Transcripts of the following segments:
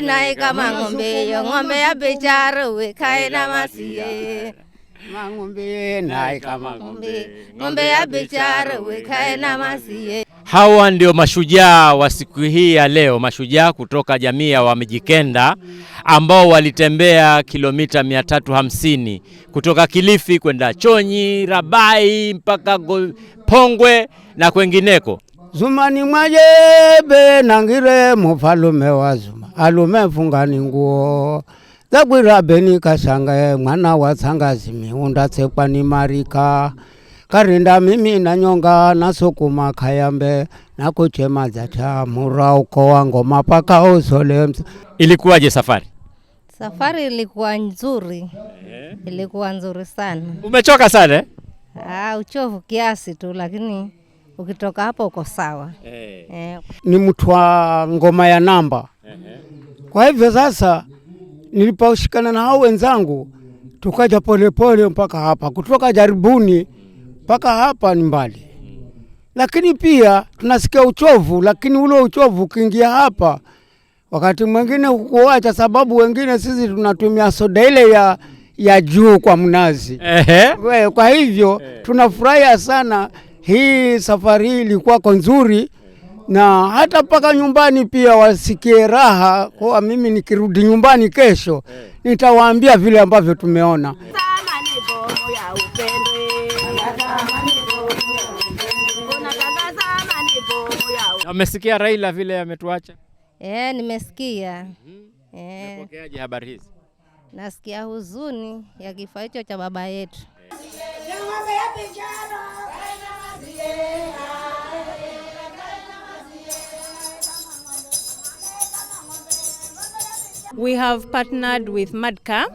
naye kama ng'ombe yo ng'ombe ya bichara we na masie mang'ombe ng'ombe ng'ombe ya bichara we na masie. Hawa ndio mashujaa wa siku hii ya leo, mashujaa kutoka jamii ya Wamijikenda ambao walitembea kilomita 350 kutoka Kilifi kwenda Chonyi, Rabai mpaka Pongwe na kwengineko. Zumani mwajebe nangire mufalume wa Zuma alume fungani nguo zakwira beni kasangaye mwana wa tsangazi miunda tsekwa ni marika karinda mimi nanyonga nasukuma kayambe nakuchema dzata mura uko wangu mapaka usole. Ilikuwaje safari? Safari ilikuwa nzuri, ilikuwa nzuri sana. Umechoka sana? Eh? Ah, uchovu kiasi tu lakini ukitoka hapo uko sawa hey. Eh. Eh. Hey. Ni mtu wa ngoma ya namba hey. Kwa hivyo sasa niliposhikana na hao wenzangu tukaja polepole mpaka hapa, kutoka jaribuni mpaka hapa ni mbali, lakini pia tunasikia uchovu, lakini ule uchovu ukiingia hapa wakati mwingine hukuacha, sababu wengine sisi tunatumia soda ile ya ya juu kwa mnazi. Ehe. Kwa hivyo eh. tunafurahia sana hii safari hii ilikuwa kwa nzuri, na hata mpaka nyumbani pia wasikie raha kwa mimi. Nikirudi nyumbani kesho, nitawaambia vile ambavyo tumeona. Amesikia Raila vile ametuacha? E, nimesikia. mm -hmm. habari hizi? Nasikia huzuni ya kifo hicho cha baba yetu. E. We have partnered with Madka.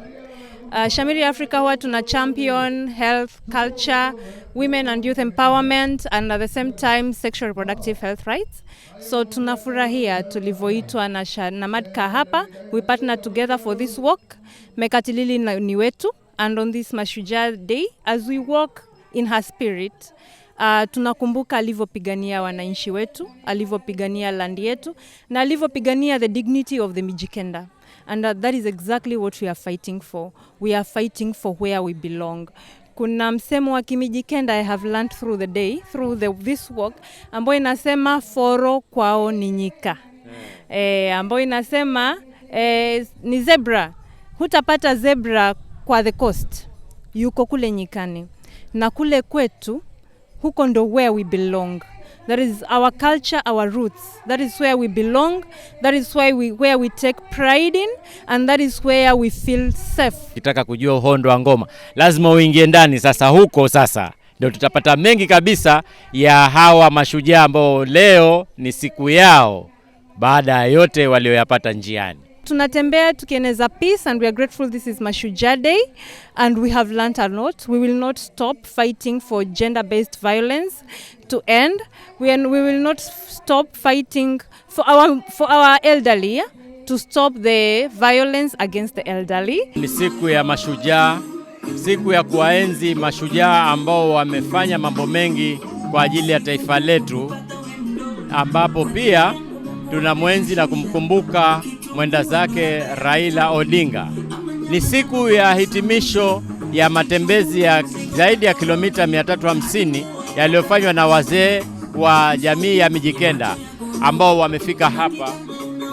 Uh, Shamiri Africa huwa tuna champion health, culture, women and youth empowerment and at the same time sexual reproductive health rights. So tunafurahia tulivyoitwa na, na Madka hapa. We partner together for this work. Mekatilili ni wetu and on this Mashujaa Day as we walk in her spirit Uh, tunakumbuka alivyopigania wananchi wetu, alivyopigania land yetu na alivyopigania the dignity of the Mijikenda. And uh, that is exactly what we are fighting for. We are fighting for where we belong. Kuna msemo wa Kimijikenda I have learned through the day, through the, this work ambayo inasema foro kwao ni nyika. Eh, ambayo inasema eh, ni zebra. Hutapata zebra kwa the coast. Yuko kule nyikani. Na kule kwetu huko ndo where we belong that is our culture our roots that is where we belong that is why we, where we take pride in and that is where we feel safe. Kitaka kujua uhondo wa ngoma lazima uingie ndani sasa, huko sasa ndio tutapata mengi kabisa ya hawa mashujaa ambao leo ni siku yao baada ya yote walioyapata njiani tunatembea tukieneza peace and we are grateful this is Mashujaa Day and we have learnt a lot we will not stop fighting for gender based violence to end we, and we will not stop fighting for our, for our elderly to stop the violence against the elderly ni siku ya mashujaa siku ya kuwaenzi mashujaa ambao wamefanya mambo mengi kwa ajili ya taifa letu ambapo pia tunamwenzi na kumkumbuka mwenda zake Raila Odinga. Ni siku ya hitimisho ya matembezi ya zaidi ya kilomita 350 yaliyofanywa na wazee wa jamii ya Mijikenda ambao wamefika hapa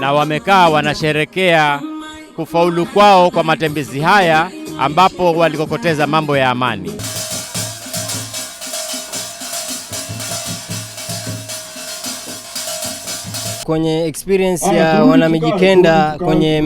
na wamekaa wanasherekea kufaulu kwao kwa matembezi haya ambapo walikokoteza mambo ya amani. Kwenye experience ya wanamijikenda kwenye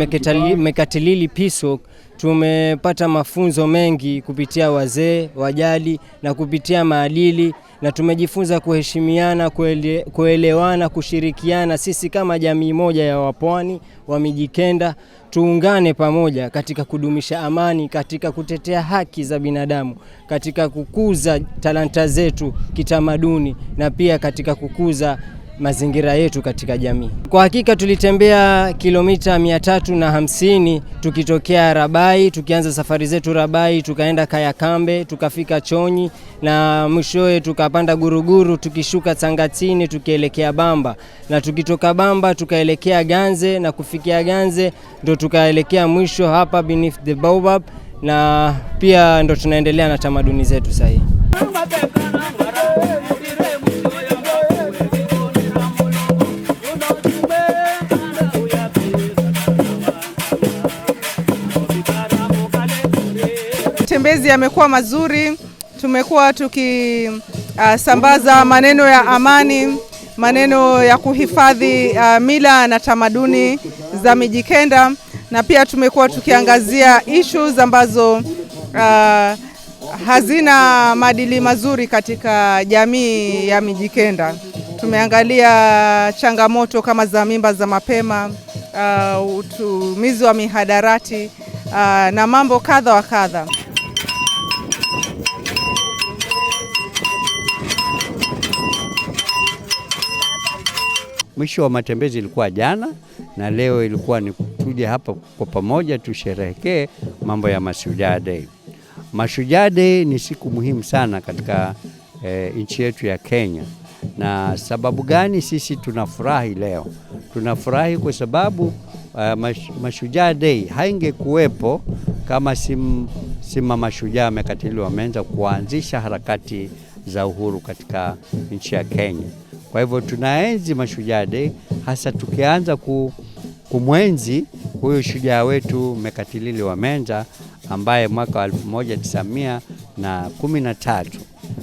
mekatilili piso tumepata mafunzo mengi kupitia wazee wajali na kupitia maadili, na tumejifunza kuheshimiana, kuele, kuelewana, kushirikiana. Sisi kama jamii moja ya wapwani wa Mijikenda tuungane pamoja katika kudumisha amani, katika kutetea haki za binadamu, katika kukuza talanta zetu kitamaduni na pia katika kukuza mazingira yetu katika jamii. Kwa hakika tulitembea kilomita mia tatu na hamsini tukitokea Rabai, tukianza safari zetu Rabai, tukaenda Kayakambe, tukafika Chonyi na mwishowe tukapanda Guruguru, tukishuka Tsangatini tukielekea Bamba, na tukitoka Bamba tukaelekea Ganze na kufikia Ganze ndo tukaelekea mwisho hapa beneath the baobab, na pia ndo tunaendelea na tamaduni zetu sahii matembezi yamekuwa mazuri, tumekuwa tukisambaza uh, maneno ya amani, maneno ya kuhifadhi uh, mila na tamaduni za Mijikenda, na pia tumekuwa tukiangazia issues ambazo uh, hazina maadili mazuri katika jamii ya Mijikenda. Tumeangalia changamoto kama za mimba za mapema, uh, utumizi wa mihadarati uh, na mambo kadha wa kadha. Mwisho wa matembezi ilikuwa jana na leo ilikuwa ni tuje hapa kwa pamoja tusherehekee mambo ya Mashujaa Day. Mashujaa Day ni siku muhimu sana katika e, nchi yetu ya Kenya. Na sababu gani sisi tunafurahi leo? Tunafurahi kwa sababu uh, mash, Mashujaa Day haingekuwepo kama sim, sima mashujaa wamekatili wameanza kuanzisha harakati za uhuru katika nchi ya Kenya. Kwa hivyo tunaenzi Mashujaa Day, hasa tukianza kumwenzi huyu shujaa wetu Mekatilili wa Menza ambaye mwaka wa 1913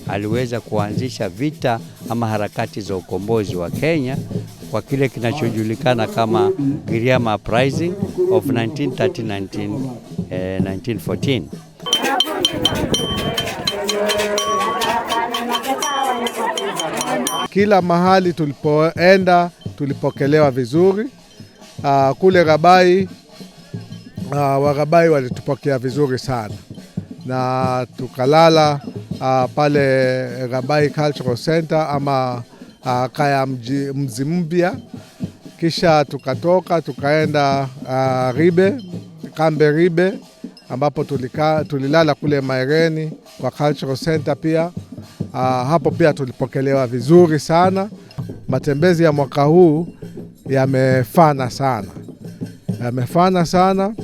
aliweza kuanzisha vita ama harakati za ukombozi wa Kenya kwa kile kinachojulikana kama Giriama Uprising of 1913 1914. Kila mahali tulipoenda tulipokelewa vizuri. Uh, kule Rabai uh, ah, Warabai walitupokea vizuri sana na tukalala uh, pale Rabai Cultural Center ama uh, kaya mji, mzi mpya. Kisha tukatoka tukaenda uh, Ribe Kambe Ribe ambapo tulika, tulilala kule Maereni kwa Cultural Center pia. Uh, hapo pia tulipokelewa vizuri sana. Matembezi ya mwaka huu yamefana sana, yamefana sana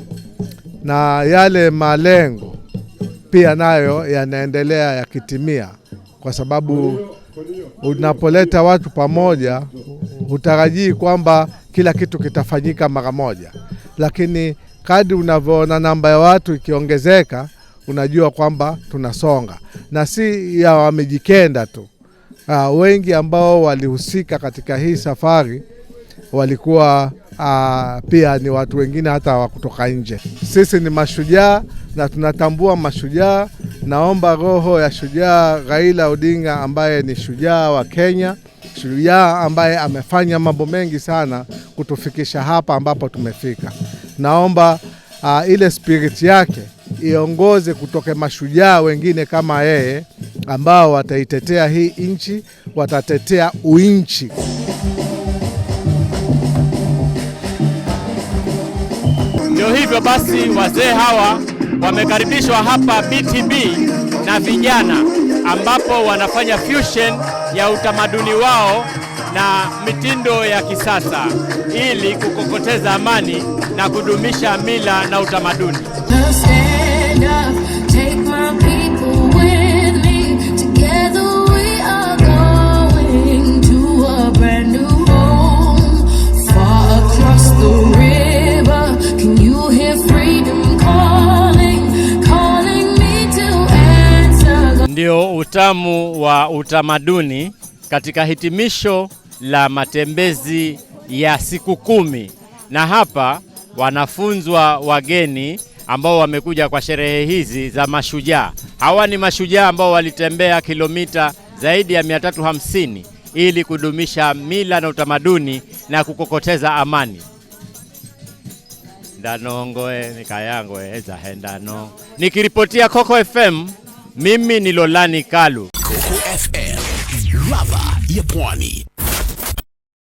na yale malengo pia nayo yanaendelea yakitimia, kwa sababu unapoleta watu pamoja hutarajii kwamba kila kitu kitafanyika mara moja, lakini kadri unavyoona namba ya watu ikiongezeka unajua kwamba tunasonga na si ya wamejikenda tu. Uh, wengi ambao walihusika katika hii safari walikuwa uh, pia ni watu wengine hata wa kutoka nje. Sisi ni mashujaa na tunatambua mashujaa. Naomba roho ya shujaa Raila Odinga ambaye ni shujaa wa Kenya, shujaa ambaye amefanya mambo mengi sana kutufikisha hapa ambapo tumefika. Naomba uh, ile spirit yake iongoze kutoka mashujaa wengine kama yeye ambao wataitetea hii nchi, watatetea uinchi. Ndio hivyo basi, wazee hawa wamekaribishwa hapa BTB na vijana, ambapo wanafanya fusion ya utamaduni wao na mitindo ya kisasa ili kukokoteza amani na kudumisha mila na utamaduni. ndio utamu wa utamaduni katika hitimisho la matembezi ya siku kumi, na hapa wanafunzwa wageni ambao wamekuja kwa sherehe hizi za mashujaa. Hawa ni mashujaa ambao walitembea kilomita zaidi ya 350 ili kudumisha mila na utamaduni na kukokoteza amani danongoe nikayangoe zahenda Nikiripotia Coco FM mimi ni Lolani Kalu, Coco FM, ladha ya Pwani.